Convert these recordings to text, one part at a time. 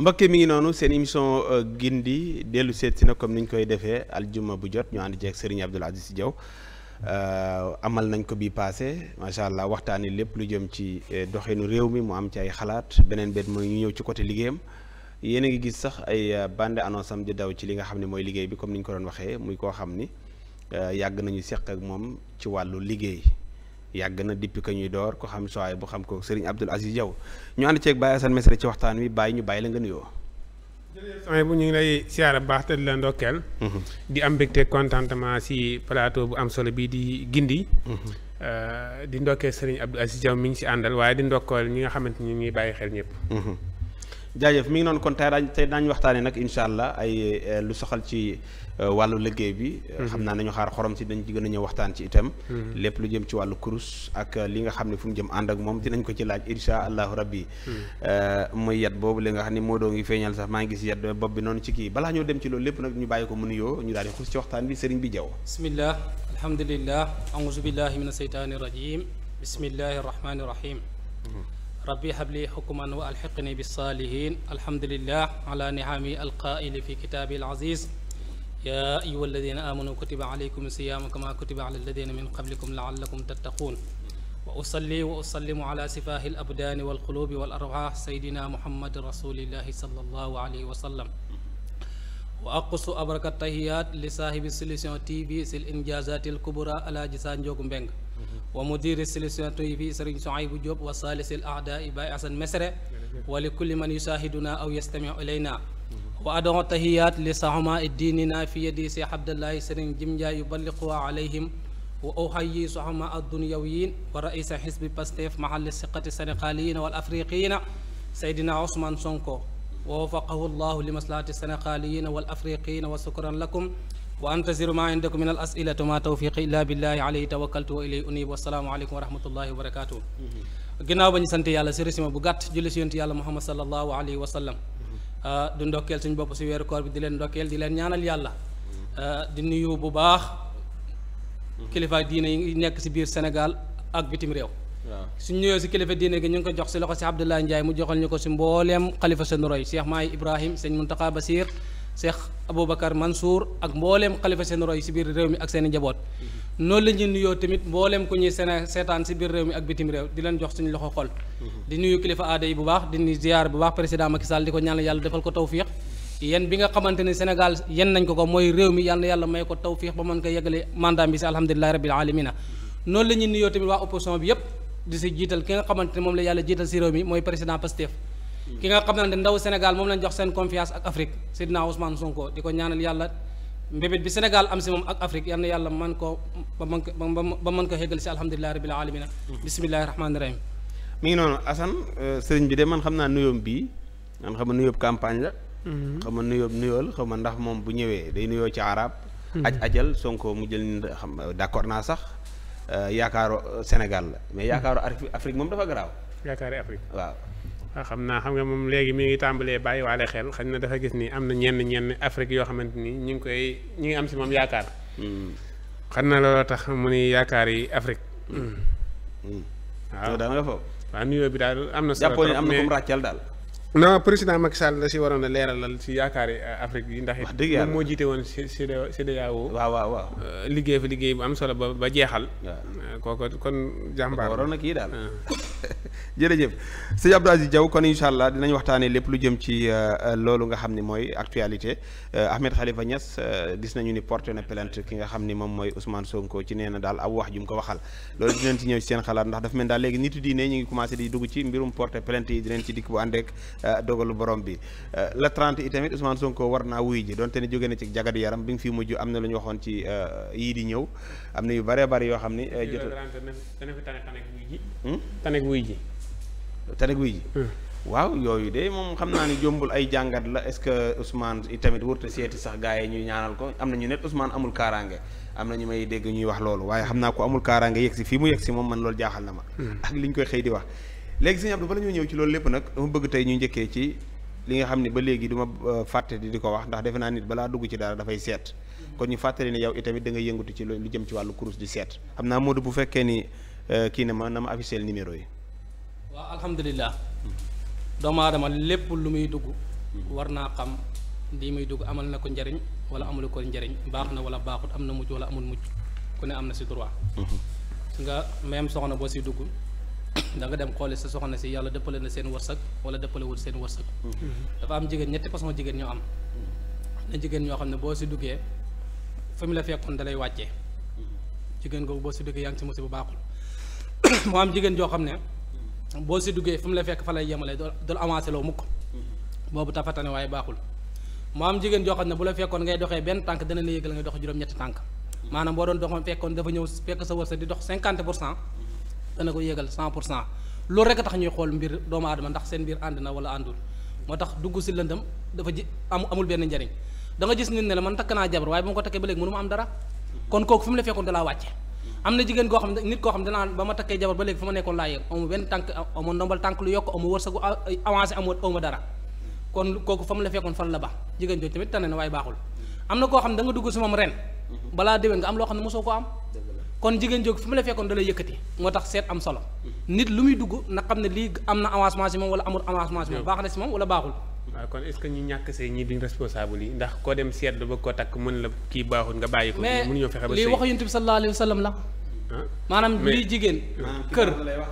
mbokk mi ngi noonu seen émission euh, gindi dellu seet si na comme ni ñu koy defee aljuma bu jot ñu ànd ceeg Serigne Abdoul Aziz Diaw euh, amal nañ ko bi passé macha allah waxtaan waxtaanee lépp lu jëm ci euh, doxeenu réew mi mu am ci ay xalaat beneen bet mooy ñu ñëw ci côté liggéeyam yéen a ngi gis sax ay bande annonce am di daw ci li nga xam ne mooy liggéey bi comme ni ñu ko doon waxee muy koo xam ni yàgg nañu seq ak moom ci wàllu liggéey. yàgg na depuis que ñuy door ko xam sooy bu xam ko Serigne Abdoul Aziz Diaw ñu ànd ceeg Baye Assane Mesre ci waxtaan wi Baye ñu bàyyi la nga nuyoo. jërëjëf samay bu ñu ngi lay siyaara baax te di ndokkeel. Mm-hmm. di am mbégte contentement si plateau bu am solo bii di gindi. Mm-hmm. Euh, di ndokkeel Serigne Abdoul Aziz Diaw mi ngi si àndal waaye di ndokkeel ñi nga xamante ñu ngi bàyyi xel ñëpp. Mm-hmm. jaajëf mi ngi noonu kon tey daañ tey daañu waxtaanee nag incha allah ay eh, lu soxal ci eh, wàllu liggéey bi. Mhm. xam naa nañu xaar xorom si dañ ci gën a ñëw waxtaan ci itam. Mhm. lépp lu jëm ci wàllu kurus ak eh, li nga xam ne fu mu jëm ànd ak moom dinañ ko ci laaj incha allahu rabbi. Mhm. muy yat boobu li nga xam ne moo doo ngi feeñal sax maa ngi gis yat bopp bi noonu ci kii balaa ñoo dem ci loolu lépp nag ñu bàyyi ko mu nuyoo ñu daal di xuus ci waxtaan bi sëriñ bi jaw bismillah alhamdulillah auzu billahi mina seytaani rajim bismillahi rahmaani rahim rabbi habli xukman wa alxiqni bissaalihin alhamdulillah ala niami alqaaili fi kitaabi alaziz yaa ayuha alladina amanu kutiba alaykum siyaamu kama kutiba ala alladina min qablikum laallakum tattaquun wa usalli wa usallimu ala sifaahi al abdaani wal quluubi wal arwaax saydina muhammadin rasulillahi sallallahu alayhi wa sallam wa aqusu abraka tahiyaat li saahibi solution tv sil injaazaati al kubra alaaji saa njoogu mbeng Mm-hmm. wa mudiri solution toy bi sëriñ Souhaïbou Diop wa saalisil ahda Baye Assane Mesere wa li kulli man yusaahiduna aw yastamiu ilayna mm-hmm. wa adon tahiyaat li sahama diinina fi yadi si Abdallahi sëriñ Jim Ndiaye yuballiquwa alayhim wa uhayyi sahama addunyawiyin wa raisa xisbi Pastef mahal siqati sénégaliyina wal afriqiyina Seydina Ousmane Sonko wa wafaqahu llahu li maslahati sénégaliyina wal afriqiyina wa sukran lakum wa antasiru ma indakum min al asilati ma tawfiqi illa billahi alayhi tawakkaltu wa ilayhi unib wasalaamu wa rahmatullahi wa barakatuh ginnaaw ba ñu sant yàlla si résumé bu gàtt julli si yonent yàlla muhammad sallallahu alayhi wa sallam ah, du ndokkeel suñu bopp si weeru koor bi di leen ndokkeel di leen ñaanal yàlla ah, di nuyu bu baax kilifa diine yi nekk ci biir Sénégal ak bitim réew suñ ñëwee si kilifa diine gi ñu ngi ko jox si loxo si Abdoulaye Ndiaye mu joxal ñu ko si mbooleem xalifa seen roy Cheikh Maay Ibrahim sëñ Muntaqa Cheikh Aboubacar Mansour ak mbooleem xalifa seen roy si biir réew mi ak seen i njaboot noonu la ñuy nuyoo tamit mbooleem ku ñu seen seetaan si biir réew mi ak bitim réew di leen jox suñu loxo xol di nuyu kilifa aada yi bu baax di nuyu ziar bu baax président Macky di ko ñaanal yàlla defal ko tawfiix yen nañ ko ko mooy réew mi yàlla yàlla may ko tawfiix ba mën ko yeggale mandat bi si alhamdulilahi rabbil alamina noonu la nuyoo tamit waa opposition bi yépp di si jiital ki nga xamante ne ki nga xam ne ndaw Sénégal moom lañ jox seen confiance ak Afrique Seydina Ousmane Sonko di ko ñaanal yàlla mbébét bi Sénégal am si moom ak Afrique yal na yàlla man ko ba man ko ba mën ko xégal si alhamdulilahi rabil alamina bisimilahi rahmaani rahim mi ngi noonu Assane euh, sëriñ bi de man xam naa nuyoom bii man xam na nuyoob campagne la mm-hmm. xam na nuyoob nuyool xam ndax moom bu ñëwee day nuyoo ci arab mm-hmm. aj ajal Sonko mu jël ni xam d'accord naa sax euh, yaakaaru euh, Sénégal la mais yaakaaru moom dafa garaaw xam naa xam nga moom léegi mi ngi tàmbalee bàyyi waale xel xañ na dafa gis ni am na ñenn ñenn Afrique yoo xamante nii ñu ngi koy ñu ngi am si moom yaakaar. xam hmm. na looloo tax mu ni yaakaar yi Afrique. Hmm. Hmm. waaw daan nga foofu. waaw nuyoo bi daal am na. solo trop jàppoon am na kum ràccal daal. non président Macky Sall la si waroon a leeralal si yaakaari euh, Afrique yi ndax it moom moo jiite woon CEDEAO waaw waaw waaw euh, liggéey liggéey bu am solo ba ba jeexal euh, kooku kon jàmbaar waroon na kii daal jërëjëf sëñ kon incha allah dinañ waxtaanee lépp lu jëm ci loolu nga xam ni mooy actualité Ahmed Khalifa Niass gis ni porté na plainte xam ni moom mooy Ousmane Sonko ci nee na daal ab wax ko waxal loolu dinañ ci ñëw ci seen xalaat ndax dafa ñu ngi commencé di dugg ci mbirum porté plainte yi dinañ ci dikk bu ànd rek Eh, dogalu borom bi eh, la 30 itamit Ousmane Sonko war naa wuy ji donte ne jóge na ci jagadu yaram bi nga fi mujj am na lu waxoon ci eh, yii di ñëw am na yu bëree bëri yoo xam ne jotul hmm? wuy ji. tanek wuy hmm. yooyu de moom xam naa ni jombul ay jàngat la est-ce que Ousmane itamit wurte seeti sax gaa yi ñuy ñaanal ko am na ñu ne Ousmane amul kaaraange am na ñu may dégg ñuy wax loolu waaye xam naa ko amul kaaraange yegg si fii mu yegg si moom man loolu jaaxal na ma. Hmm. ak li ñu koy xëy di wax. léegi sëñ Abdou bala ñoo ñëw ci loolu lépp nag dama bëgg tey ñu njëkkee ci li nga xam ne ba léegi du ma euh, fàtte di ko wax ndax defe naa nit balaa dugg ci dara dafay seet kon ñu fàttali ne yow itamit da nga yëngatu ci lu jëm ci wàllu kurus di seet xam naa Modou bu fekkee ni euh, kii ne ma na ma affiché numéro yi waaw alhamdulilah doomu aadama lépp lu muy dugg war naa xam lii muy dugg amal na ko njariñ wala amul ko njariñ baax na wala baaxut am n mujj wala amul mujj ku am na si droit su mhm. nga même soxna boo si dugg da nga dem xooli sa soxna si yàlla dëppale na seen wërsëg wala dëppale wul seen wërsëg mm-hmm. dafa am jigéen ñetti façon jigéen ñoo am mm-hmm. na jigéen ñoo xam ne boo si duggee fa mu la fekkoon da lay wàccee mm-hmm. jigéen googu boo si duggee yaa ngi si musiba baaxul moo am jigéen joo xam ne boo si duggee fa mu la fekk fa lay yemale dol avancé loo mukk boobu tafatane waaye baaxul moo am jigéen joo xam ne bu la fekkoon ngay doxee benn tànk dana la yëgal ngay dox juróom-ñetti tànk maanaam boo doon doxoon fekkoon dafa ñëw fekk sa wërsëg di dox cinquante cent dana ko yéegal cent pour cent loolu rek a tax ñuy xool mbir doomu aadama ndax seen mbir ànd na naa jabar waaye ko takkee ba léegi mënu ma am dara kon kooku fi mu la fekkoon dalaa wàcce baaxul am na koo xam ne da nga si moom ren mhm. balaa déwén nga am loo xam ne mosoo ko am kon jigéen jóg fu mu la fekkoon da lay yëkkati moo tax seet am solo nit lu muy dugg na xam ne lii am na avancement si moom wala amul avancement si moom baax na si moom wala baaxul waaw kon est-ce que ñu ñàkk koo dem seet ba koo takk mën la kii baaxul nga bàyyi ko mënuñoo fexe ba lii waxu ah.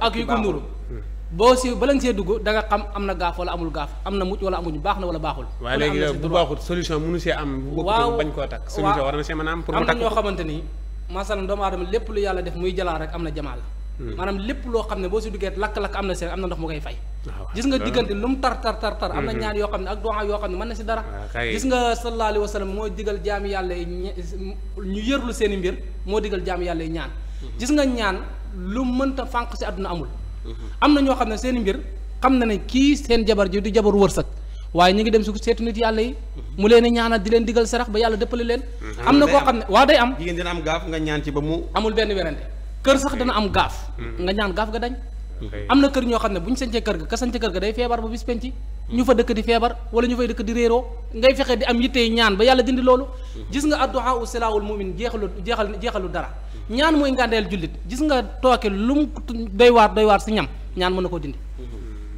ak yu ko hmm. boo si bala nga see dugg da xam am na gaaf wala amul gaaf am na mucc wala baax na wala baaxul. waaye léegi bu baaxul solution mënu see am. waaw bañ koo takk solution war na see mën a am. pour mu takk am na ñoo xamante ni masalan doomu aadama lépp lu yàlla def muy jalaal rek am na jamaal hmm. maanaam lépp loo xam ne boo si duggee lakk-lakk am na si am na ndox mu koy fay ah, gis nga diggante lu mu tar tar tar tar am na hmm, hmm. ñaan yoo xam ne ak doxaa yoo xam ne mën na si dara ah, gis nga sallallahu alayhi wa sallam moo digal jaami yàlla yi ñu yërlu seen i mbir moo digal jaami yàlla yi ñaan gis nga ñaan lu mënta fànq si àdduna amul am na ñoo xam ne seen i mbir xam na ne kii seen jabar ji du jabaru wërsëg waaye ñu ngi dem su seetu nit yàlla yi mu leen ñaanal di leen digal sarax ba yàlla dëppale leen mm-hmm. am na koo xam ne waa day am jigéen dina am gaaf nga ñaan ci ba mu amul benn werante kër sax dana am gaaf mm-hmm. nga ñaan gaaf ga dañ am na kër ñoo xam ne bu ñu sañcee kër ga ka sañcee kër ga day feebar ba bis penci mm-hmm. ñu fa dëkk di feebar wala ñu fay dëkk di réeroo ngay fexe di am yittey ñaan ba yàlla dindi loolu gis nga adduhaa u silaahul mu'min jeexalu jeexal jeexalu dara ñaan mooy ngàndeel jullit gis nga tooke lu mu doy waar doy waar ñam ñaan mën na koo dindi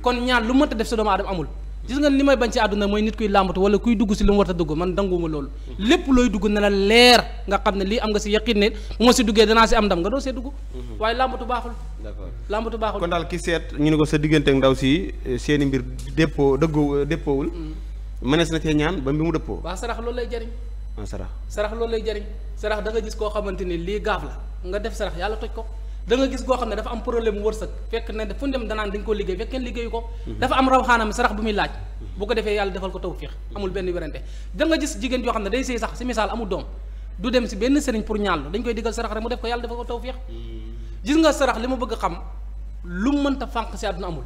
kon ñaan lu mënta def sa doomu amul gis nga li may bañ ci àdduna mooy nit kuy làmbatu wala kuy dugg si lu mu war a dugg man danguma loolu lépp looy dugg na la leer nga xam ne lii am nga si yaqin ne bu ma si duggee danaa si am ndam nga doo see dugg mhm. waaye làmbatu baaxul d'accord làmbatu baaxul kon daal ki seet ñu ne ko sa diggante ak ndaw si eh, seeni mbir déppoo dëggoo eh, déppoowul mhm. mënees na see ñaan ba mu dëppoo waaw sarax loolu lay jariñ ah, sarax sarax loolu lay jariñ sarax da gis koo xamante ni lii gaaf la nga def sarax yàlla toj ko da nga gis koo xam ne dafa am problème wërsëg fekk ne fu dem danaan dañ ko liggéey fekk kenn liggéeyu ko dafa am raw xaanam sarax bu muy laaj bu ko defee yàlla defal ko tawfiix amul benn werante da nga gis jigéen joo xam ne day sëy sax si misaal amul doom du dem si benn sëriñ pour ñaanlu dañ koy diggal sarax rek mu def ko yàlla defal ko tawfiix gis nga sarax li ma bëgg xam lu mënta fànq si àdduna amul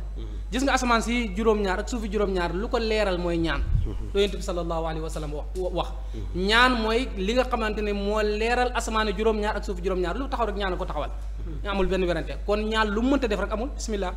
gis nga asamaan si juróom-ñaar ak suufi juróom-ñaar lu ko leeral mooy ñaan loo yonent bi sallallahu alayhi wa sallam wax wax ñaan mooy li nga xamante ne moo leeral asamaan juróom-ñaar ak suufi juróom-ñaar lu taxaw rek ñaan ko taxawal amul benn werante kon ñaan lu mu mënta def rek amul bismillah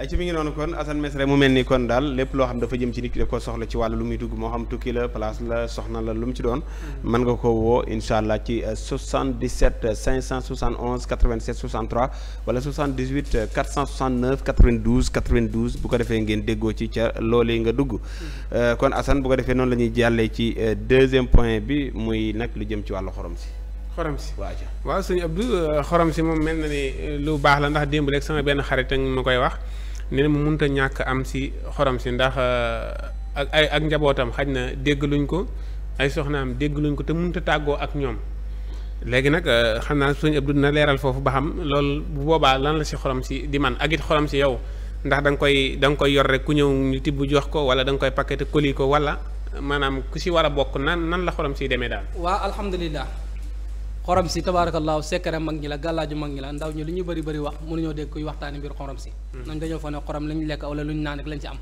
ay ci mi ngi noonu kon Assane Mesre mu mel ni kon daal lépp loo xam dafa jëm ci nit ki daf ko soxla ci wàll lu muy dugg moo xam tukki la place la soxna la lu mu ci doon mm. mën nga ko woo incha allah ci 77 571 87 63 wala 78 469 92 92 bu ko defee ngeen déggoo ci ca loolee nga dugg mm. euh, kon Assane bu ko defee noonu la ñuy jàllee ci euh, deuxième point bi muy nag lu jëm ci wàllu xorom si xorom si waaw sëñ euh, xorom si moom mel na ni lu baax la ndax démb rek sama benn xarit ak ma koy wax ne mu mënut ñàkk am si xorom si ndax euh, ak ay ak njabootam xaj na dégg luñ ko ay soxnaam dégg luñ ko te mënut tàggoo ak ñoom léegi nag euh, xam naa sëñ Abdou na leeral foofu ba xam loolu bu boobaa lan la si xorom si di man ak it xorom si yow ndax danga koy danga koy yor rek ku ñëw ñu tibb jox ko wala danga koy paquet colis ko wala maanaam ku si war a bokk nan nan la xorom siy demee daal. xorom si tabaarakallaahu sekkare mag ñi la gàllaaju mag ñi la ndaw ñi lu ñu bëri bëri wax mënuñoo dégg kuy waxtaani mbir xorom si nañ hmm. dañoo fa ne xorom la ñu lekk wala lu ñu naan rek lañ ci am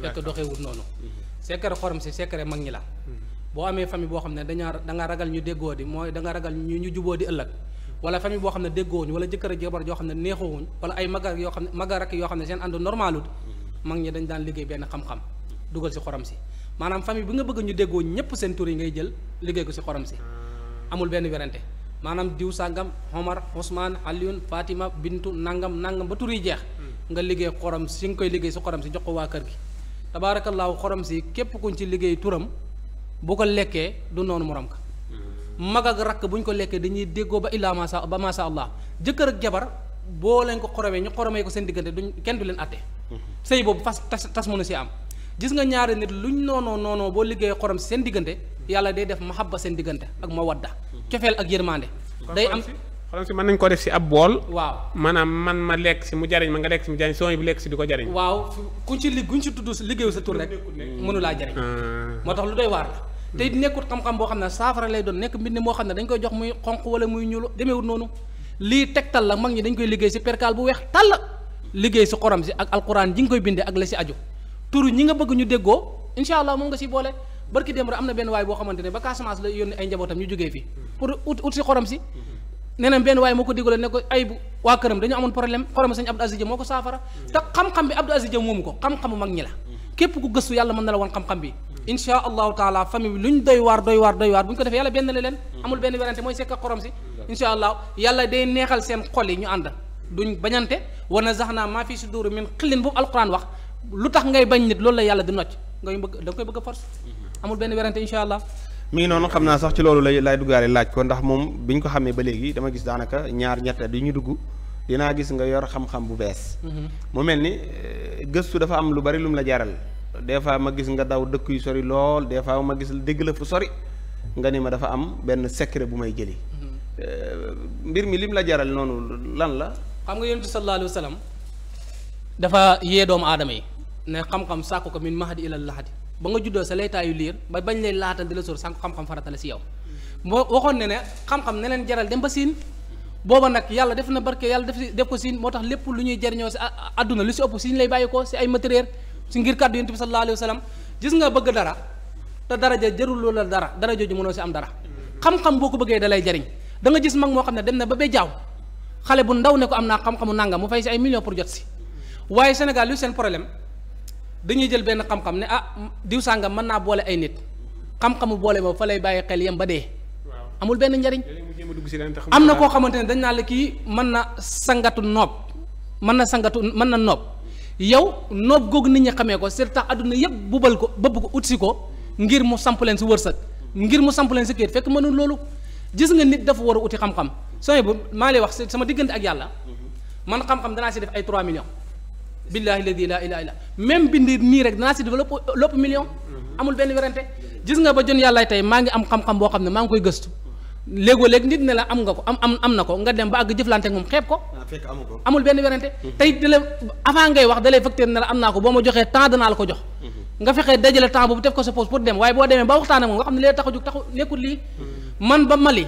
fekk doxeewut noonu hmm. sekkare xorom si sekkare mag ñi la hmm. boo amee famille boo xam ne dañaa da nga ragal ñu déggoo di mooy da nga ragal ñu ñu juboo boo xam ne déggoowuñ wala jëkkër ak jabar yoo xam ne neexoowuñ wala ay magar yoo xam ne magar ak yoo xam ne dañ daan liggéey benn xam-xam dugal si xorom si maanaam famille bi nga bëgg ñu déggoo ñépp seen tur yi ngay jël liggéey ko si xorom si ah. amul benn werante maanaam diw sàngam Omar Ousmane Alioune Fatima Bintu nangam nangam ba tur yi jeex. Hmm. nga liggéey xorom si nga koy liggéey si xorom si jox ko waa kër gi. tabaarakallaahu xorom si képp kuñ ci liggéey turam bu ko lekkee du noonu morom ka hmm. mag ak rakk bu ñu ko lekkee dañuy déggoo ba illaa maasa ba maasa allah jëkkër ak jabar boo leen ko xoromee ñu xoromee ko seen diggante duñ kenn du leen atte hmm. sëy boobu fas tas tas mënu si am gis nga ñaari nit luñ noonoo noonoo boo liggéey xorom si seen diggante yàlla day def mahabba seen diggante ak mawadda cofeel ak yërmande. day am xorom si mën nañu ko def si ab bool. waaw maanaam man ma lekk si mu jariñ ma nga lekk si mu jariñ soo bu lekk si di ko jariñ. waaw kuñ ci li kuñ ci tudd liggéeyu sa tur rek. mënu laa jariñ. Ah. moo tax lu doy waar la. Hmm. te nekkut xam-xam boo xam ne saafara lay doon nekk mbind moo xam ne dañ koy jox muy xonq wala muy ñuul demeewut noonu lii tegtal la mag ñi dañ koy liggéey si perkaal bu weex tàll liggéey si xorom si ak alquran ji nga koy bindee ak la si aju tur ñi nga bëgg ñu déggoo incha allah moom nga si boole barki démb am na benn waay boo xamante ne ba Casamance la yónni ay njabootam ñu jógee fi pour ut ut si xorom si nee benn waaye moo ko digaloon ne ko ay waa këram dañu amoon problème xorom sëñ Abdou Aziz Dia ko saafara te xam-xam bi Abdou Aziz Dia moomu ko xam-xamu mag ñi la képp ku gëstu yàlla mën na la woon xam-xam bi insha allahu taala famille bi lu ñu doy waar doy waar doy waar bu ñu ko defee yàlla benn la leen amul benn werante mooy sekk xorom na zax naa maa fii si duuru min xillin boobu lu tax ngay bañ nit loolu la yàlla di nocc ngay bëgg da nga koy amul benn werante incha allah. mi ngi noonu xam naa sax ci loolu lay lay duggaale laaj ko ndax moom bi ñu ko xamee ba léegi dama gis daanaka ñaar ñett di ñu dugg dinaa gis nga yor xam-xam bu bees. Mhm. mu mel ni eh, gëstu dafa am lu bari lu mu la jaral. des fois ma gis nga daw dëkk yu sori lool des fois ma gis dégg la fu sori nga ni ma dafa am benn secret bu may jëli. Mhm. Eh, mbir mi lim la jaral noonu lan la. xam nga yonent sallallahu alayhi wa dafa yee doomu aadama yi ne xam-xam sàkku ko min mahdi ilal lahadi ba nga juddoo sa laytaa yu liir ba bañ leen laatal di la sóor sànq xam-xam farata la si yow moo waxoon ne ne xam-xam ne jaral dem ba siin booba nag yàlla def na barke yàlla def def ko siin moo tax lépp lu ñuy jariñoo si àdduna lu si ëpp siin lay bàyyi ko si ay matériel si ngir kàddu yonent bi sallallahu alayhi gis nga bëgg dara te daraja jarul loola dara dara jooju mënoo si am dara xam boo ko bëggee da jariñ da gis mag moo xam ne na ba bee jaaw xale bu ndaw ne ko am naa xam nangam mu fay si ay pour jot si waaye Sénégal lu seen problème dañuy jël benn xam-xam ne ah diw sàngam mën naa boole ay nit xam mu boole boobu fa lay bàyyi xel yam ba dee. amul benn njariñ. am na koo xamante ne dañ naa la kii man na sangatu noob mën na sangatu mën na noob yow noob googu nit ñi xamee ko c'est tax adduna yëpp bubal ko bëbb ko utsi ko ngir mu sampuleen leen si wërsëg ngir mu samp leen si kayit fekk mënul loolu gis nga nit dafa war a uti xam-xam sooy bu maa lay wax sama diggante ak yàlla mhm. man xam-xam danaa si def ay 3 millions. billaahi ladi laa ilaaha illa même bind mii rek danaa si développé lopp million amul benn werante gis nga ba jon yàllaay tey maa ngi am xam-xam boo xam ne maa ngi koy gëstu léegoo léegi nit ne la am nga ko am am am na ko nga dem ba àgg jëflante ak moom xeeb ah, ko amul benn werante tey da la avant ngay wax da lay facteur ne am naa ko boo ma joxee temps danaa la ko jox mhm. nga fexee dajale temps boobu def ko sa poche pour dem waaye boo demee ba waxtaan ak moom nga xam ne lee mhm. man ba Mali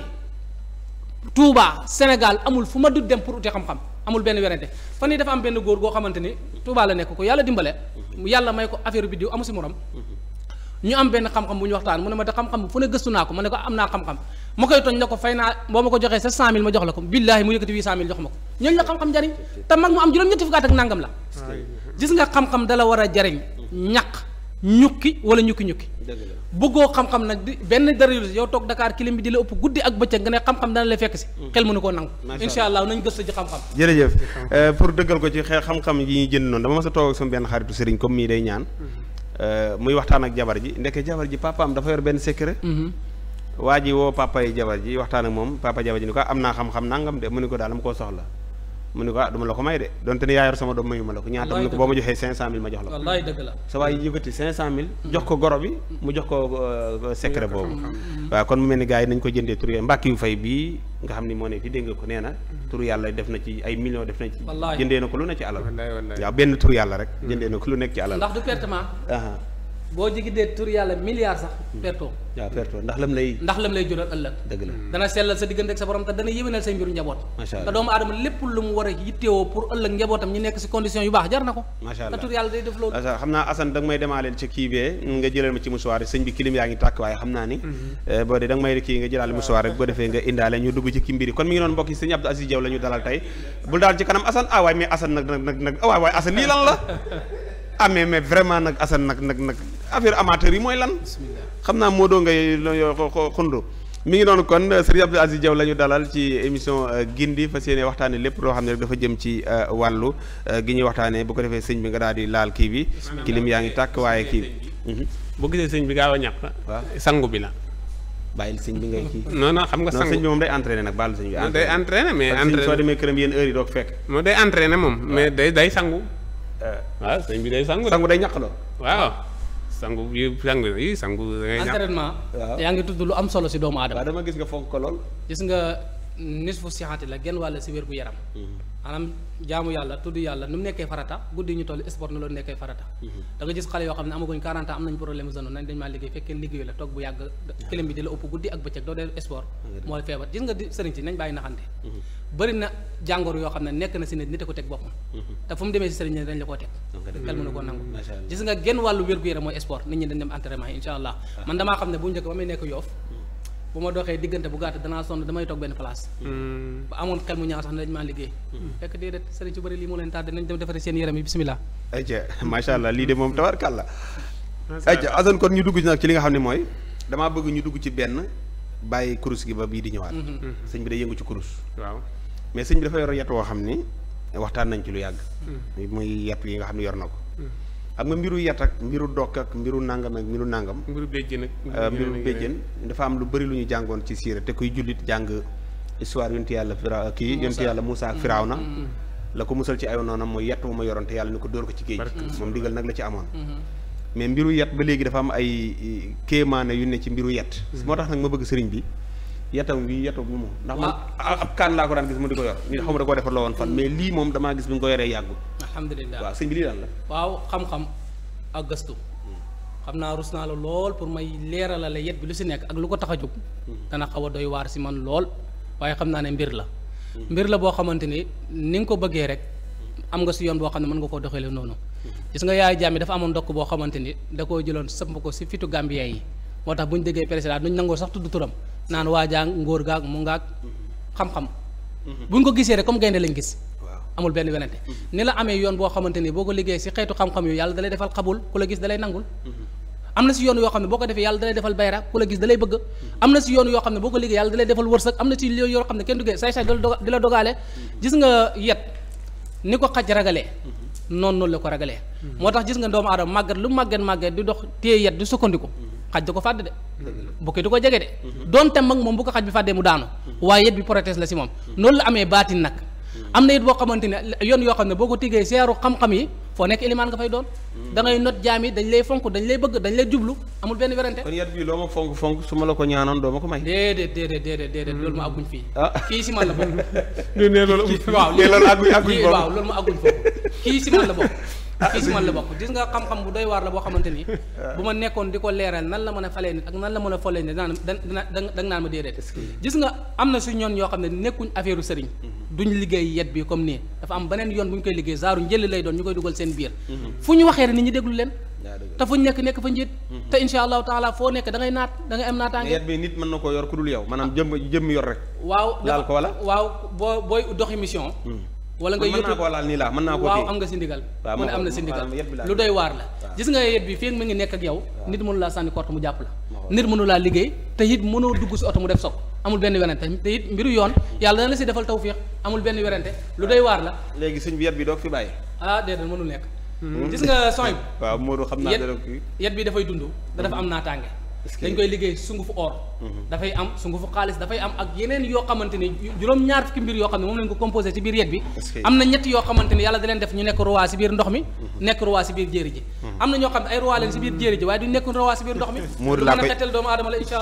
Touba Sénégal amul fu ma dut dem pour uti xam-xam amul benn werante fan yii dafa am benn góor goo xamante ni Touba la nekk ko yàlla dimbale yàlla may ko affaire bi diw amu si morom ñu am benn xam-xam bu ñu waxtaan mu ne ma da xam-xam fu ne gëstu naa ko ma ne ko am naa xam-xam ma koy toñ na ko fay naa boo ma ko joxee 700000 ma jox la ko billaahi mu yëkkati 800000 jox ma ko ñooñu la xam-xam jariñ te mag mu am juróom-ñetti fukki ak nangam la gis nga xam-xam dala war a jariñ ñaq ñukki wala ñukki ñukki bëggoo xam-xam nag di benn dara yow toog Dakar kilim bi di la ëpp guddi ak bëccëg nga ne xam-xam dana lay fekk si mm. xel mënu koo nangu insha allah nañ gëstu ji xam-xam jërëjëf euh, ko ci xam-xam yi ñuy jënd noonu dama mas a toog ak sama benn xaritu sëriñ comme mii day ñaan mm-hmm. euh, muy waxtaan ak jabar ji ndeke jabar ji papaam dafa yor benn secret mm-hmm. waa ji woo papa yi jabar ji waxtaan ak moom papa jabar ji ni ko ah, am naa xam-xam nangam de mu ni ko daal dama soxla mu ne ko ah du ma la ko may de donte ne yaa yor sama doom mayu ma la ko ñaata mu ne ko boo ma joxee cinq cent mille ma jox ko wallaay dëgg la goro bi mu jox ko euh, euh, secret boobu mm-hmm. waaw kon mu mel ni gaa yi nañ ko jëndee tur yooyu mbàkk yu fay bii nga xam ni moo ne fi dégg ko nee na mm-hmm. tur yàlla def na ci ay millions def na ci jëndee na ko lu ne ci alal waaw benn tur yàlla rek jëndee na ko lu nekk ci alal boo jigéen tur yàlla milliard sax hmm. perto waaw perto ndax lam lay ndax lam lay jural ëllëg la dana sellal sa diggante ak sa borom te dana yéwénal say mbiru njaboot macha doomu aadama lépp lu mu war a yittewoo pour ëllëg njabootam ñu nekk si condition yu baax jar na ko macha allah xam naa Assane da nga may demaaleel ci kii bee nga jëlal ma ci musuwaar sëñ bi kilim yaa ngi tàkk waaye xam naa ni mhm. eh, boo dee da may kii nga jëlaale musuwaar rek defee nga indaale affaire amateur yi mooy lan. xam naa moo Modou ngay xundu mi ngi doon kon Serigne Abdou Aziz Diaw la ñu dalal ci émission euh, gindi fas yéene waxtaanee lépp loo xam ne rek dafa jëm ci euh, wàllu euh, gi ñuy waxtaanee bu ko defee sëñ bi nga daal di laal kii bi. kilim yaa ngi tàkk waaye kii bi. boo mhm. gisee sëñ bi gaaw a ñàkk. waaw sangu bi la. bàyyil sëñ bi ngay kii. non non xam nga sangu sëñ bi moom day entraîné nag baalu sëñ bi. day entraîné mais entraîné soo demee këram yéen heure yi doog fekk. moom day day day sangu. sëñ bi day sangu. sangu day ñàkk loo sangu yi sangu yi sangu da ngay entraînement yaa ngi tudd lu am solo si doomu aadama dama gis nga fonk ko lool gis nga nisfu sixaati la genn wàll si wér gu yaram mhm. maanaam jaamu yàlla tudd yàlla nu mu nekkee farata guddi ñu toll sport na loolu nekkee farata mhm. da nga gis xale yoo xam ne amaguñ 40 ans am nañu problème zone nañ dañ maa liggéey fekkee liggéeyu la toog bu yàgg kilim bi di la ëpp guddi ak bëccëg doo dee sport mooy feebar gis nga sëriñ si nañ bàyyi naxante mhm. bëri na yoo xam ne nekk na si nit nit a te fu mu demee xel mënu ko nangu gis nga genn wàllu wér-gu-yaram mooy sport nit ñi dañ dem entraînement yi insha allah ah. man damaa xam ne bu njëkk ba may nekk yoof bu ma doxee diggante bu gàtt danaa sonn damay toog benn place hmm. ba amoon xel mu ñaaw sax ne dañ maa liggéey hmm. fekk déedéet sëriñ ci bëri lii moo leen tardé nañ dem seen yaram yi bismillah ayca macha allah lii de moom hmm. tabarkàlla ayca kon ñu dugg ci ci li nga xam ne mooy damaa bëgg ñu dugg ci benn bàyyi kurus gi ba bii di ñëwaat sëñ bi day yëngu ci kurus waaw mais sëñ bi dafa yor yet woo xam ni waxtaan nañ ci lu yàgg. Mm. muy yat yi nga xam ne yor na ko. Mm. xam nga mbiru yat ak mbiru dokk ak mbiru nangam ak mbiru nangam. mbiru béjjén ak mbiru euh, béjjén dafa am lu bëri lu ñu jàngoon ci siira te kuy jullit jàng histoire yonent yàlla Fira kii yonent yàlla Moussa ak na mm. la ko musal ci ay noonam mooy yat moom ma yoroon te yàlla ni ko dóor ko ci géej. moom digal nag la ci amoon. Mm-hmm. mais mbiru yat ba léegi dafa am ay kéemaane yu ne ci mbiru yat. moo tax nag ma bëgg sëriñ bi yetam wi yetam wi moom ndax man ab kaan laa ko daan gis mu di ko yor ñu xamu da ko defar la woon fan mm. mais lii moom damaa gis bi nga ko yoree yàggul alhamdulilah waaw sëñ bi lii daal waaw xam-xam ak gëstu mm. xam naa rus naa la lool pour may leeralal la yet bi lu si nekk ak lu ko tax a jóg mm. dana xaw doy waar si man lool waaye xam naa ne mbir la mbir la boo xamante ni ni nga ko bëggee rek am nga si yoon boo xam ne mën nga koo doxalee noonu gis nga yaay jaam yi dafa amoon ndokk boo xamante ni da koo jëloon samp ko si fitu Gambien moo tax bu ñu déggee président duñ nangoo sax tudd turam naan waajaa ngóor gaag mu ngaag mm-hmm. xam-xam mm-hmm. buñ ko gisee rek comme gaynde lañ gis amul benn wenante mm-hmm. ni la amee yoon boo xamante ni boo ko liggéey si xeetu xam-xam yu yàlla dalay defal xabul ku la gis da am na yoon yoo xam ne boo ko defee yàlla da lay defal bayra ku la gis da bëgg am na si yoon yoo xam ne boo ko liggéey yàlla da lay defal wërsëg am na si yoon yoo xam ne kenn duggee say say di la dogaale gis nga yet ni ko xaj ragale noonu noonu la ko ragalee moo tax gis nga doomu aadama màggat lu màggat màggat di dox téye yet di sukkandiku xaj da ko fàdd de bukki du ko jege de mhm. donte mag moom bu ko xaj bi fàddee mu daanu mhm. waaye yet bi protège la si moom mhm. noonu la amee baatin nag am na it boo xamante ne yoon yoo xam ne boo ko tiggee seeru xam-xam yi foo nekk élimaan nga fay doon. Hmm. da ngay not jaam yi dañ lay fonk dañ lay bëgg dañ lay jublu amul benn werante. kon yat bii loo ma fonk fonk su ma la ko ñaanoon doo ma ko may. déedéet déedéet déedéet déedéet loolu ma àgguñ fii. ah kii si man la bokk. ñu ne loolu amul waaw loolu àgguñ àgguñ foofu waaw loolu ma àgguñ foofu kii si man la bokk. Ah, kii gis nga xam-xam bu doy waar la boo xamante ni. Ah. bu ma nekkoon di ko leeral nan la mën a falee nit ak nan la mën a folee nit daan dana danga naan ma déedéet. gis nga am na suñu ñoon yoo xam ne nekkuñ affaire sëriñ mm-hmm. duñ liggéey yet bi comme nii dafa am beneen yoon bu ñu koy liggéey zaaru njëli lay doon ñu koy dugal seen biir mhm. fu ñu waxee rek nit ñi déglu leen te fu ñu nekk nekk fa njiit mhm. te insha allahu da ngay na koo yor ku dul yow maanaam ah. waaw ko wala boo booy doxi mission mhm. wala nga yóbbu mën naa koo laal nii laa naa koo waaw am nga si ndigal ne am na si ndigal lu doy waar la gis nga yet bi fii mi ngi nekk ak yow nit mënu laa sànni korte mu jàpp la nit mënu laa liggéey te it mënoo dugg si oto mu def sok amul benn werante te it mbiru yoon yàlla na la si defal tawfiq amul benn werante lu doy waar la. léegi suñ bi yet bi doog fi bàyyi. ah déedéet mënul nekk. Hmm. gis nga son yi. waaw Modou xam naa dara kii yet bi dafay dundu da dafa hmm. am naataange. dañ koy liggéey sungufu or mhm. dafay am sungufu xaalis dafay am ak yeneen yoo xamante ni juróom ñaar fukki mbir yoo xam ne moom mhm. mhm.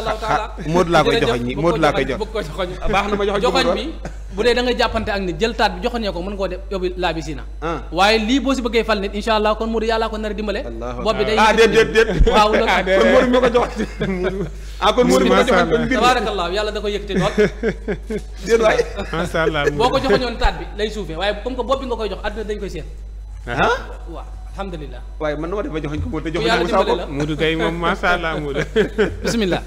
laa ko joxoñ bi bu dee da jàppante ak nit jël taat bi joxoñee ko mën koo def yóbbu laa bi ah. waaye lii boo si bëggee fal nit insha allah kon Modou yàllaa ko nar dimbale bopp bi day ah, déet déet déet waaw loolu ah, kon Modou mi ko jox ah kon Modou mi dafa joxoon mbir tabaarakallaahu yàlla da ko yëkkati lool. déedéet waay macha boo ko joxoñoon taat bi lay suufee waaye comme que bopp bi nga koy jox àdduna dañ koy seet. ah waaw alhamdulilah. waaye man na ma def ba joxoñ ko Modou te joxoñ ko. ku yàlla dimbali la kay moom ma allah Modou. bisimilah.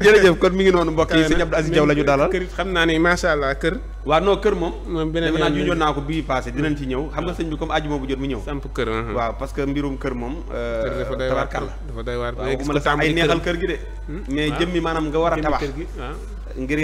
jërëjëf kon mi ngi noonu mbokk yi eh, sëñ Abdou Aziz Diaw la ñu dalal kër xam naa ne macha allah kër waaw non kër moom beneen naa ju naa ko bii passé dinañ ci ñëw xam nga ah. sëñ bi comme ajuma bu jot mu ñëw samp kër uh-huh. waaw parce que mbirum kër moom euh, dafa doy waar kër dafa doy waar ma la ay neexal kër gi de hmm? mais ah. jëmmi maanaam nga war ah.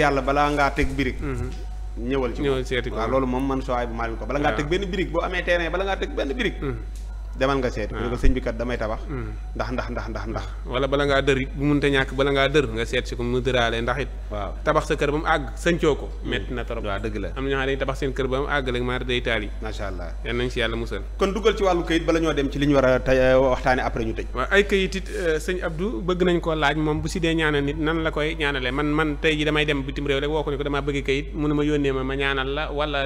yàlla balaa ngaa teg birig hmm. ñëwal ci waaw loolu moom man soowaay bu maa ko bala ngaa teg benn birig boo amee terrain bala ngaa teg benn birig hmm. demal nga seet. waaw ah. ko sëñ bi kat damay tabax. Hmm. ndax ndax ndax ndax ndax. wala bala ngaa dër it bu mënta ñàkk bala ngaa dër nga seet si ko mu dëraale ndax it. waaw tabax sa kër ba mu àgg sëncoo ko. Hmm. metti na trop waaw dëgg la. am na ñoo xam ne tabax seen kër ba mu àgg léegi maa day taal yi. macha allah yal nañ si yàlla musal. kon dugal ci wàllu kayit bala ñoo dem ci li ñu war a tey eh, waxtaanee après ñu tëj. waaw ay kayit it eh, sëñ Abdou bëgg nañ ko laaj moom bu si dee ñaanal nit nan la koy ñaanalee man man tey ji damay dem bitim réew rek woo ko ne ko damaa bëgg kayit mu ne ma yónnee la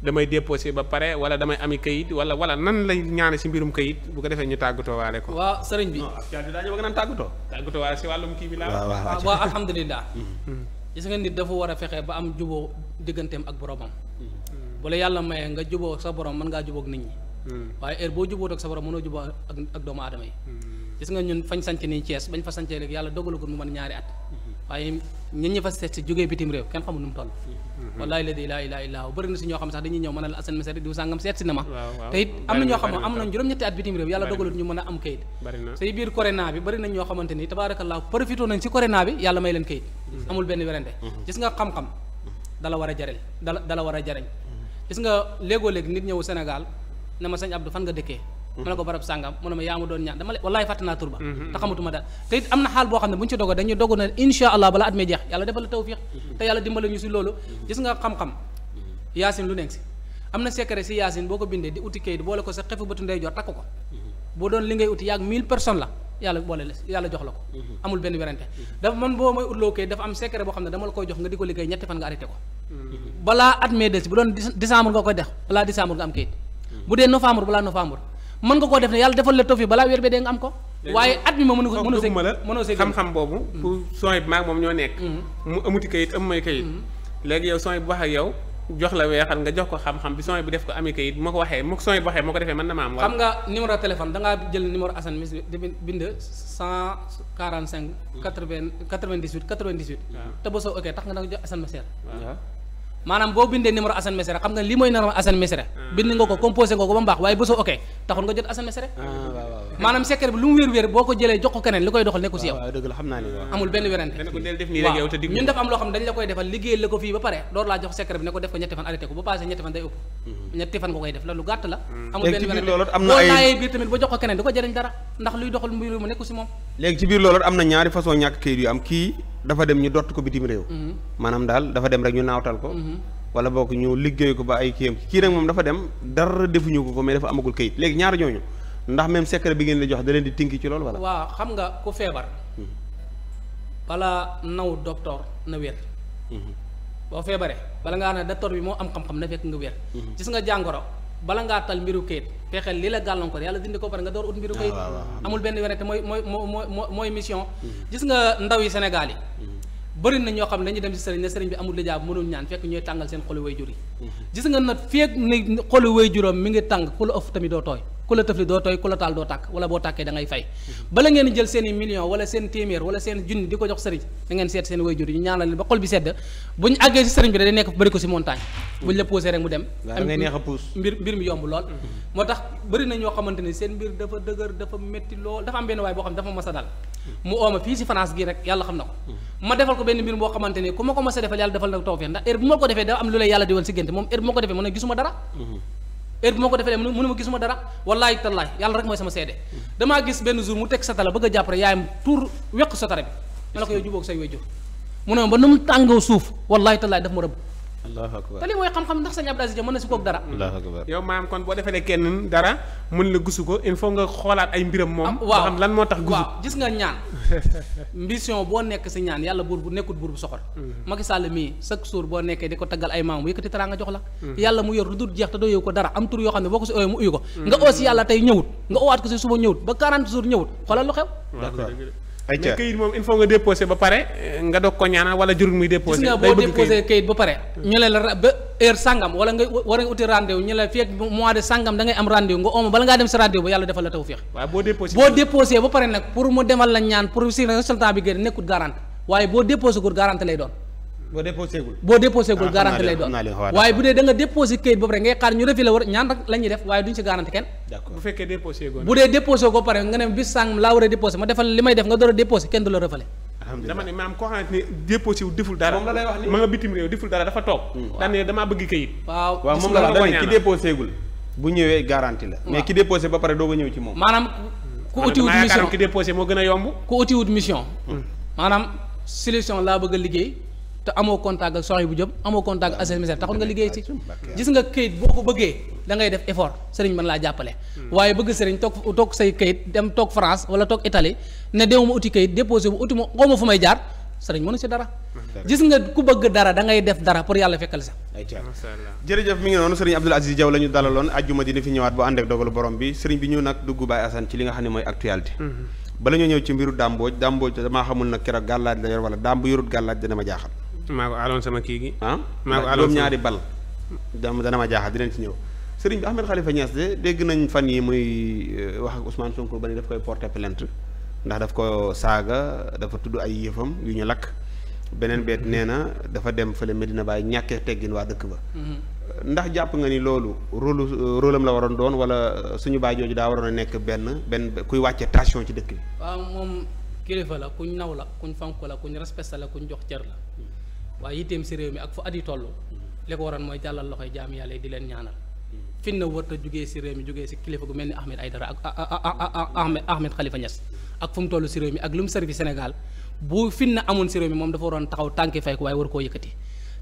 damay déposé ba pare wala damay ami kayit wala wala nan lay ñaane si mbirum kayit bu ko defee ñu tàggatoo waale ko. waaw sëriñ bi non actuellement daañu bëgg naan tàggatoo. tàggatoo waale si wàllum kii bi laa. waa waaw waaw alhamdulilah. Mm-hmm. gis nga nit dafa war a fexe ba am juboo digganteem ak boromam. Mm-hmm. bu la yàlla mayee nga juboo sa borom mën ngaa juboo ak nit ñi. Mm-hmm. waaye heure boo juboo ak sa borom mënoo juboo ak ak doomu aadama yi. gis nga ñun fañ sanc nii Thiès bañ fa sancee léegi yàlla dogalagul mu mën ñaari at waaye ñun ñi fa seet si jógee bitim réew kenn xamul nu mu toll mhm. wallaahi la laa ilaaha illaa bëri na si ñoo xam sax dañuy ñëw mën a la asan mesere diw sàngam seet si na ma te it am na ñoo xam ne am nañ juróom-ñetti at bitim réew a am kayit ñoo xamante ni tabaarakallaa profité nañ si corona bi yàlla may leen kayit mhm. amul benn werante mhm. gis nga xam-xam dala war a jariñ dala dala war a jariñ gis nga léegoo léeg nit ñëw Sénégal na ma sëñ Abdou fan nga dëkkee ma ne ko barab sàngam mu ne ma yaa ma doon ñaan dama le wallaay fàtte ba mm-hmm. te xamatuma daal te am na xaal boo xam ne bu ñu ci dogo dañuy dogo na insha allah bala at mee jeex yàlla defal mm-hmm. mm-hmm. nga na secret boo ko bindee di uti kayit boole ko sa ko boo doon li ngay uti yaag mille personnes la yàlla boole la yàlla jox la ko amul benn werante dafa man boo may utloo kayit dafa am boo xam ne dama la koy jox nga ko liggéey ñetti fan nga arrêté ko balaa at mee des bu doon décembre nga koy def balaa décembre nga am kayit bu dee novembre balaa novembre mën nga koo def ne yàlla defal la tawfiq balaa weer bi dee nga am ko waaye at mi ma mënu ko mënu see mënoo see xam-xam boobu mm-hmm. pour son bi maag moom ñoo nekk mm-hmm. mu amuti kayit amu kayit mm-hmm. léegi yow son bu wax ak yow jox la weexal nga jox ko xam-xam bi son bi def ko amee kayit bu ma ko waxee bu son bi waxee moo ko defee mën na ma am xam nga numéro téléphone da ngaa jël numéro Assane Miss bind cent quarante cinq quatre-vingt quatre-vingt-dix-huit vingt maanaam boo bindee numéro Assane Mesere xam nga li mooy numéro Assane Mesere ah. bind nga ko composé nga ba mu waaye bësoo ok taxul nga jot Assane Mesere. Ah, maanaam secret bi lu mu wér wér boo ko jëlee jox ko keneen li koy doxal nekku si yow amul benn werante waaw ñun dafa am loo xam dañ la koy defal liggéey la ko fii ba pare door laa jox secret bi ne ko def ko ñetti fan arrêté ko bu passé ñetti fan day ëpp mhm. ñetti fan nga koy def la lu gàtt la mhm. amul benn biir tamit ba jox keneen du ko jëriñ dara ndax luy doxal mu nekku si moom léegi ci biir loolu am na ñaari façon ñàkk kayit yu am kii dafa dem mhm. maanaam daal dafa dem rek ñu naawtal ko wala bokk ñu liggéey ko ba ay kiyam kii nag moom dafa dem dara defuñu ko ko mais dafa amagul kayit léegi ñaar ñooñu ndax même secret bi ngeen di jox da di tinki ci loolu wala. waaw xam nga ku feebar. Hmm. bala naw docteur na wér. Hmm. boo feebaree bala ngaa ne docteur bi moo am xam-xam na fekk nga wér. Hmm. gis nga jàngoro bala ngaa mbiru kayit fexeel li la gàllankoor yàlla dindi ko pare nga door ut mbiru ah, kayit. amul benn werante mooy mooy mooy mooy gis nga ndaw yi Sénégal yi. bëri na ñoo xam ne dañuy dem ci sëriñ ne sëriñ bi amul li jaab ñaan fekk ñooy tàngal seen xolu way jur yi. gis nga nag feeg ni xolu way juróom mi ngi tàng ku la ëff tamit doo tooy. ku la tëfli doo tooy ku la taal doo tàkk wala boo tàkkee da ngay bala ngeen jël seen i million wala seen téeméer wala seen junni di ko jox sëriñ da seet seen way jur ñu ñaanal leen ba xol bi sedd bu ñu àggee si sëriñ bi mm-hmm. dafa dëgër dafa métti lool dafa am benn waay boo xam ne dafa mas dal mm-hmm. mu ooma fii si France gii rek yàlla xam na ko mm-hmm. ma defal ko benn mbir boo xamante ku ma ko mas defal yàlla defal na ko tawfeex ndax heure bu ma ko heure bi moo ko defee mënu ma gis gisuma dara wallaay tallaay yàlla rek mooy sama seede damaa gis benn jour mu teg satala bëgg a jàpp rek yaayam tuur weq satara bi ma ne ko yow jubóog say wéjjur mu ne ma ba nu mu tàngoo suuf wallaay tallaay daf ma rëbb allahu akbar te li mooy xam-xam ndax sëñ Abdou Aziz mën na si koog dara. yow maam kon boo defee ne kenn dara mën la gusu ko il faut nga xoolaat ay mbiram moom. Ah, waaw xam lan moo tax gusu waaw gis nga ñaan. mission boo nekk si ñaan yàlla buur bu nekkul buur bu soxor. Mm-hmm. Macky Sall mii chaque jour boo nekkee di ko taggal ay maam bu yëkkati teraanga jox la. Mm-hmm. yàlla mu yor lu dul jeex te doo yow ko dara am tur yoo xam ne boo ko si ooyee mu uyu ko. nga mm-hmm. oo si yàlla tey ñëwut nga oowaat ko si suba ñëwut ba 40 jours ñëwut xoolal lu xew. d'accord mais kayit moom il faut nga déposé ba pare nga doog ko ñaanal wala jurul muy déposé. day bëgg kayit gis nga boo déposé kayit ba pare. ñu ne la ba heure sangam wala nga war nga uti rendez-vous ñu ne la fii ak mois de sangam da ngay am rendez-vous nga omo bala ngaa dem sa rendez-vous ba yàlla defal la tawfeex. waaw boo déposé boo déposé ba pare nag pour mu demal la ñaan pour si résultat bi gën nekkut garanti waaye boo déposé ko garanti lay doon. boo déposé gul boo déposé gul ah, garanti lay doon waaye bu dee da nga déposé kayit boobu rek ngay xaar ñu refi la war ñaan rek la ñuy def waaye duñ ci garanti kenn bu fekkee déposé gul bu dee déposé ko pare nga ne bis sàng laa war a déposé ma defal li may def nga door a déposé kenn du la refale maam koo xamante ne déposé wu deful dara ma nga bitim réew deful dara dafa toog hmm. daan ne damaa bëgg kayit waaw moom la wax ki déposé garanti la mais ki déposé ba pare doog a ñëw ci moom maanaam ku utiwut mission moo gën a yomb ku utiwut mission hmm. maanaam solution laa bëgg liggéey te amoo contact ak soxna bu jëm amoo contact ak assainissement taxul nga liggéey ci gis nga këyit boo ko bëggee da def effort sëriñ mën laa jàppale hmm. waaye bëgg sëriñ toog toog say këyit dem toog France wala toog Italie ne demuma uti këyit déposé bu uti ma xaw fu may jaar sëriñ mënu ci dara gis nga ku bëgg dara da ngay def dara pour yàlla fekkal sax jërëjëf mi ngi noonu sëriñ Abdoul Aziz Diaw la ñu dalaloon ajjuma dina fi ñëwaat bu ànd dogalu borom bi sëriñ bi ñu nag dugg Baye Assane ci li nga xam ne maa ko aaloon sama kii gi. ah maa ko aaloon ñaari bal. dama dana ma jaaxal dinañ ci ñëw. sëriñ bi Ahmed Khalifa Niass dégg nañ fan yi muy euh, wax ak Sonko ba ni daf koy porter ndax daf ko saaga dafa tudd ay yëfam yu ñu lakk beneen beet nee na dafa dem fële Medina Baye ñàkkee teggin waa dëkk ba. Mm-hmm. ndax jàpp nga ni loolu rôle rôle am la waroon doon wala suñu baay jooju daa waroon a nekk benn benn kuy wàcce tension ci dëkk bi. waaw moom kilifa la kuñ naw la kuñ fonk la kuñ respecté la kuñ jox cër la. waaye itteem si réew mi ak fu at yi toll ko waroon mooy jàllal loxoy jaam yàlla di leen ñaanal fin na warta jugee réew mi jugee si kilifa gu mel ni Ahmed Aïdara ak Ahmed Ahmed Khalifa Niass ak fu mu toll si réew mi ak lu mu servi Sénégal bu fin na amoon si réew mi moom dafa waroon taxaw tànki fay ko waaye war koo yëkkati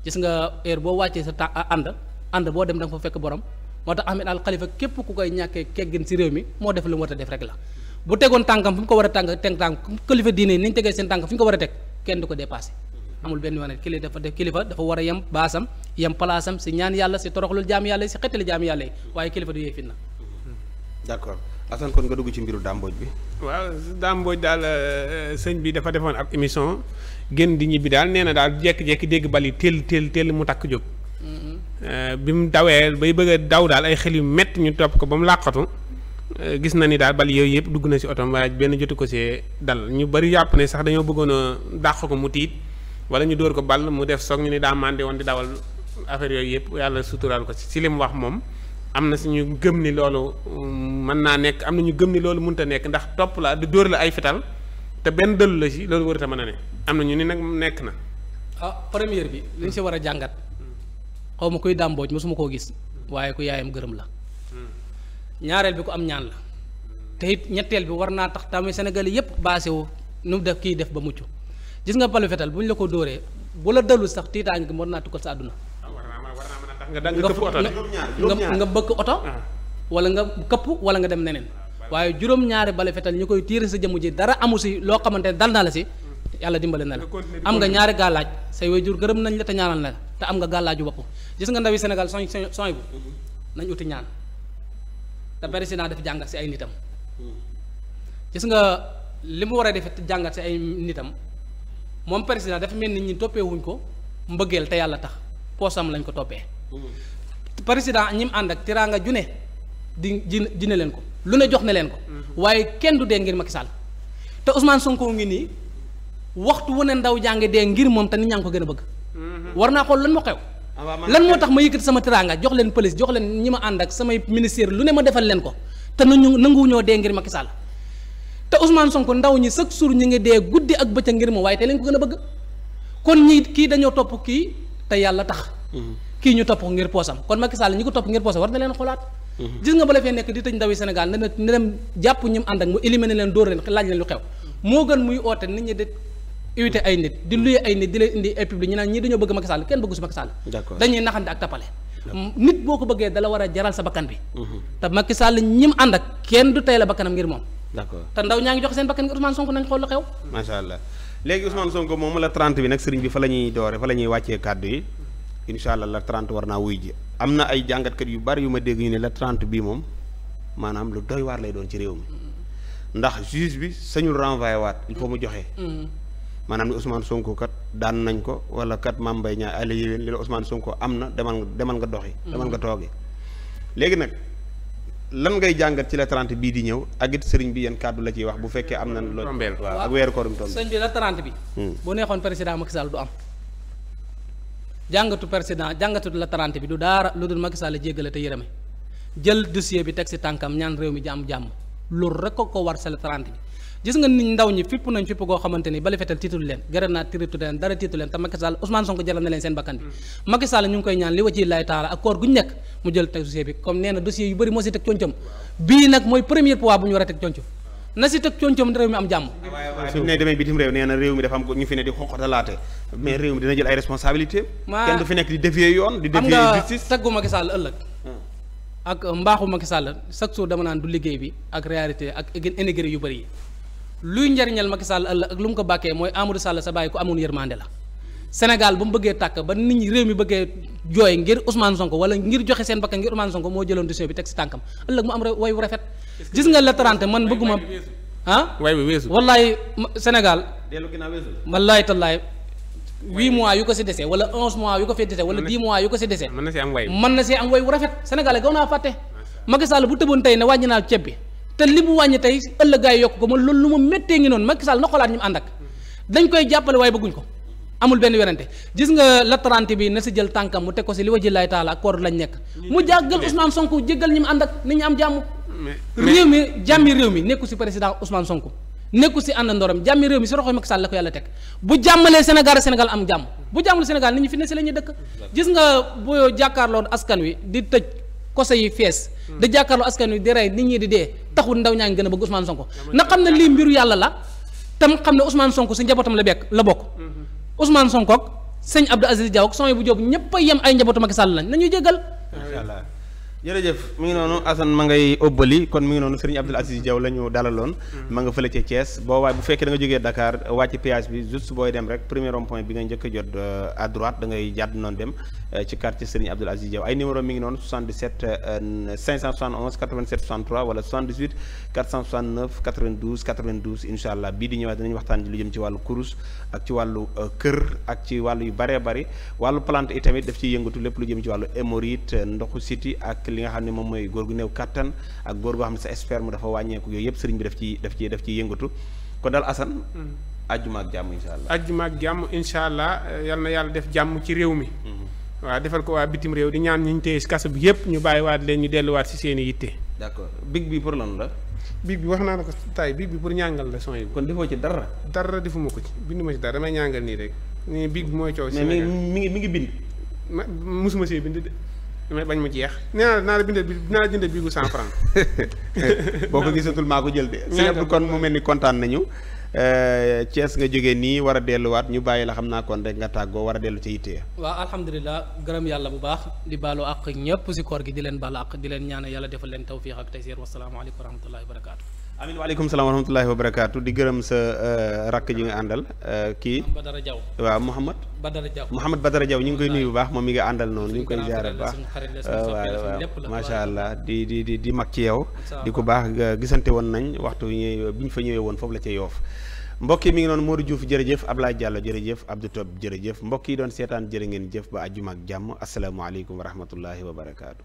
gis nga heure boo wàccee sa ta ànd boo dem da nga fa borom moo tax Ahmed Al Khalifa képp ku koy ñàkkee keggin si réew mi moo def lu mu a def rek la bu tegoon tànkam fu mu ko war a tànk teg tànk kilifa diine yi ni tegee seen tànk fu ko war a teg kenn du ko dépassé amul benn wane kili dafa def kilifa dafa war a yem baasam yem palaasam si ñaan yàlla si toroxlul jaam yàlla yi si xettali jaam yàlla yi waaye kilifa du yee fitna d'accord Assane kon nga dugg ci mbiru dàmbooj Mbodj bi. waaw Dame daal euh, sëñ bi dafa defoon ab émission génn di ñibbi daal nee na daal jékki-jékki dégg bali téel téel téel mu takk jóg. Mm-hmm. Euh, bi mu dawee bay bëgg a daw daal ay xel yu métti ñu topp ko ba mu làqatu euh, gis na ni daal bal yooyu yëpp dugg na si otom waaye benn jotu ko see dal ñu bari yàpp ne sax dañoo bëggoon dàq ko mu tiit. wala ñu dóor ko ball mu def soog ñu ni daa màndi woon di dawal affaire yooyu yëpp yàlla suturaal ko si li mu wax moom am na suñu gëm ni loolu mm, mën naa nekk am na ñu gëm ni loolu mënut a nekk ndax topp la di dóor la ay fital te benn dëllu la si loolu warut man mën a ne am na ñu ni nag nekk na. ah première bi li ñu si war a jàngat xaw ma kuy dàmbooj mosuma koo gis waaye ku yaayam gërëm la ñaareel bi ko am ñaan la te it ñetteel bi war naa tax tamit senegal yëpp baase wu nu def kii def ba mucc. gis nga palu fetal bu ñu la ko dóoree bu la dalul sax tiitaange gi mën naa tukkal sa àdduna ah, nga bëkk oto ah. wala nga këpp wala nga dem neneen waaye juróom-ñaari balu fetal ñu koy tiir sa jëmm ji dara amu si loo xamante ne dal naa la si yàlla dimbale na la am nga ñaari gàllaaj say jur gërëm nañ la te ñaanal na la te am nga gàllaaju bopp gis nga ndawi Sénégal soñ soñ bu mm-hmm. nañ uti ñaan si naa def jàngat si ay nitam mm-hmm. gis nga li mu war a def jàngat ay nitam moom président dafa mel ni ñi toppee wuñ ko mbëggeel te yàlla tax poosam lañ ko toppee. Mm-hmm. président ñi mu ànd ak teraanga ju ne di ji dina leen ko lu ne jox na leen ko. Mm-hmm. waaye kenn du dee ngir Macky Sall te Ousmane Sonko ngi nii waxtu wu ne ndaw jàngi dee ngir moom te nit ñaa ngi ko gën a bëgg. Mm-hmm. war naa xool lan moo xew. Ah, lan moo tax ma yëkkati sama teraanga jox leen police jox leen ñi ma ànd ak samay ministère lu ne ma defal leen ko te nañu nanguwuñoo dee ngir Macky Sall te Ousmane Sonko ndaw ñi chaque jour ñu ngi dee guddi ak bëccëg ngir moom waaye tey lañ ko gën a bëgg kon ñii kii dañoo topp kii te yàlla tax. Mhm. kii ñu topp ngir poosam kon Macky Sall ñi ko topp ngir poosam war na leen xoolaat. Mhm. gis nga ba la fee nekk di tëj ndawi Sénégal ne ne dem jàpp ñi ànd ak mu éliminer leen dóor leen laaj leen lu xew moo gën muy oote nit ñi di invité ay nit di luye ay nit di leen indi ay public ñu naan ñii dañoo bëgg Macky Sall kenn bëggu si Macky Sall boo ko bëggee dala war a jaral sa bakkan bi mhm. te Macky Sall ñi ànd kenn du tey la bakkanam ngir moom d'accord te ndaw ñaa ngi jox seen bakkan nga Ousmane Sonko nañ xool lu xew macha allah léegi Ousmane Sonko moom la 30 bi nag sëriñ bi fa la ñuy doore fa la ñuy kàddu yi incha allah la 30 war naa wuy ji am na ay jàngatkat yu bari yu ma dégg ñu ne la 30 bii moom maanaam lu doy waar lay doon ci réew mi ndax juge bi sañul renvoyé waat il faut mu joxe. Mm-hmm. maanaam ni Ousmane Sonko kat daan nañ ko wala kat Mame Mbaye Niang Aliou yéen li la Ousmane Sonko am na demal nga demal nga doxi nga mm-hmm. toogi léegi nag lan ngay jàngat ci la 30 bii di ñëw ak it sëriñ bi yéen kàddu la ciy wax bu fekkee am na loo waaw ak weeru koorum tombé sëñ bi la 30 bi hmm. bu neexoon président Macky Sall du am jàngatu président jàngatu la 30 bi du daara lu dul Macky Sall jéggale te yërëme jël dossier bi teg si tànkam ñaan réew mi jàmm jàmm loolu rek ko ko war sa la 30 bi gis nga ni ndaw ñi fipp nañ fipp goo xamante ni bali fetal tiitul leen grenade tiitul leen dara tiitul leen te Macky Sall Ousmane Sonko jaral na leen seen bakkan bi mm-hmm. Macky Sall ñu ngi koy ñaan li wa ci laay ak koor guñu nekk mu jël dossier bi comme nee na yu bëri moo si teg concam bii nag mooy premier poids bu ñu war a teg concam na si teg concam réew mi am jàmm ne demee bitim réew nee réew mi dafa am ñu fi nekk di hmm. ak mbaaxu Macky Sall chaque jour dama naan du liggéey bi ak réalité ak yu bëri luy njariñal Macky Sall ak lu mu ko bàkkee mooy Amadou Sall sa bàyyi ku amoon yërmande la Sénégal ba mu bëggee tàkk ba nit ñi réew mi bëggee jooy ngir Ousmane Sonko wala ngir joxe seen bakkan ngir Ousmane Sonko moo jëloon décision bi teg si tànkam ëllëg mu am way wu rafet gis nga le 30 man bëgguma ah way bi weesu wallaay Sénégal dellu ginnaaw weesu wallaay tallaay huit mois yu ko si desee wala onze mois yu ko fi desee wala dix mois yu ko si desee man na si am way wu rafet Sénégal gaw naa fàtte Macky Sall bu tëboon tey ne wàññi naa ceeb bi te li mu wàññi tey ëllëgaay yokk ko man loolu lu ma méttee ngi noonu Macky Sall na xoolaat mu ànd ak dañ koy jàppale waaye bëgguñ ko amul benn werante gis nga la trente bi na si jël tànkam mu teg ko si li wa ji laay taala koor lañ nekk mu jàggal Ousmane Sonko jéggal ñi mu ànd ak ni ñu am jàmm réew mi jàmmi réew mi nekku si président Ousmane Sonko nekku si ànd ndoram jàmmi réew mi si roxoy Macky Sall la ko yàlla teg bu jàmmalee Sénégal Sénégal am jàmm bu jàmmul Sénégal nit fi ne si la ñuy dëkk nga bu jàkkaarloo askan wi di tëj kose yi fees di jàkkaarloo askan wi di rey nit ñi di dee taxul ndaw ñaa ngi gën a bëgg Ousmane Sonko na xam ne lii mbiru yàlla la tam xam ne Ousmane Sonko si njabootam la bekk la bokk mm-hmm. Ousmane Sonko ak sëñ Abdou Aziz Diaw ak son bu Diop ñëpp a yem ay njabootu Macky Sall lañ nañu jéggal jërëjëf mi ngi noonu Assane ma ngay ëbbali kon mi ngi noonu Serigne Abdoul Aziz Diaw la ñu dalaloon. Mm-hmm. ma nga fële ca Thiès boo waaye bu fekkee da nga jógee Dakar wàcc péage bi juste booy dem rek premier rond bi nga njëkk a jot euh, à droite da ngay jàdd noonu dem euh, ci quartier Serigne Abdoul Aziz Diaw ay numéro mi ngi noonu 77 571 87 63 wala 78 469 92 92 incha allah bii di ñëwaat dinañ waxtaan lu jëm ci wàllu kurus ak ci wàllu euh, kër ak ci wàllu yu bëree bëri wàllu palante yi tamit ci ciy yëngatu lépp lu jëm ci wàllu hémorroïde euh, ndoxu siti ak li nga xam ne moom mooy góor gu néew kattan ak góor goo xam ne sa sperme dafa wàññeeku yooyu yëpp sëriñ bi def ci daf ci daf ciy yëngatu kon daal Assane hmm. ajjuma ak jàmm incha allah ajjuma ak jàmm incha allah euh, yal na yàlla def jàmm ci réew mi hmm. waa defal ko waa bitim réew di ñaan ñu téye si kaso bi yëpp ñu bàyyiwaat leen ñu delluwaat si seen i yitte d'accord big bi pour lan la biig bi wax naa la ko taay biig bi pour ñàngal la son yi. kon defoo ci dara. dara defuma ko ci binduma ci dara damay ñàngal nii rek nii biig bi mooy coow. si mais mi ngi mi ngi bind. ma mosuma see bind de damay bañ mu jeex nee naa la naa bindal bi naa la jëndee biigu cent franc. boo ko gisatul maa ko jël de. ñaata kon mu mel ni kontaan nañu. Euh, Thiès nga jógee nii war a delluwaat ñu bàyyi la xam naa kon rek nga tàggoo war a dellu ci it ya waaw alhamdulilah gërëm yàlla bu baax di baalu àq ñëpp si koor gi di leen baalu àq di leen ñaanal yàlla defal leen tawfiix ak tayseer wasalaamaaleykum wa rahmatullahi wa barakaatu amin waaleykum salaam wa rahmatullahi wa di gërëm sa euh, rakk ji nga àndal euh, kii. Badara Diaw waaw Mouhamad. Badara Diaw Mouhamad Badara Diaw ñu ngi koy nuyu bu baax moom mi nga àndal noonu. ñu ngi koy ziare bu baax allah di di di di mag ci yow. di ko baax gisante woon nañ waxtu bi ñu fa ñëwee woon foofu la ca yoof mbokk mi ngi noonu Modou Diouf jërëjëf Ablaye Diallo jërëjëf Abdou Top jërëjëf mbokk yi doon seetaan jërë ngeen jëf ba àjjuma ak jàmm asalaamaaleykum wa rahmatullahi wa barakaatu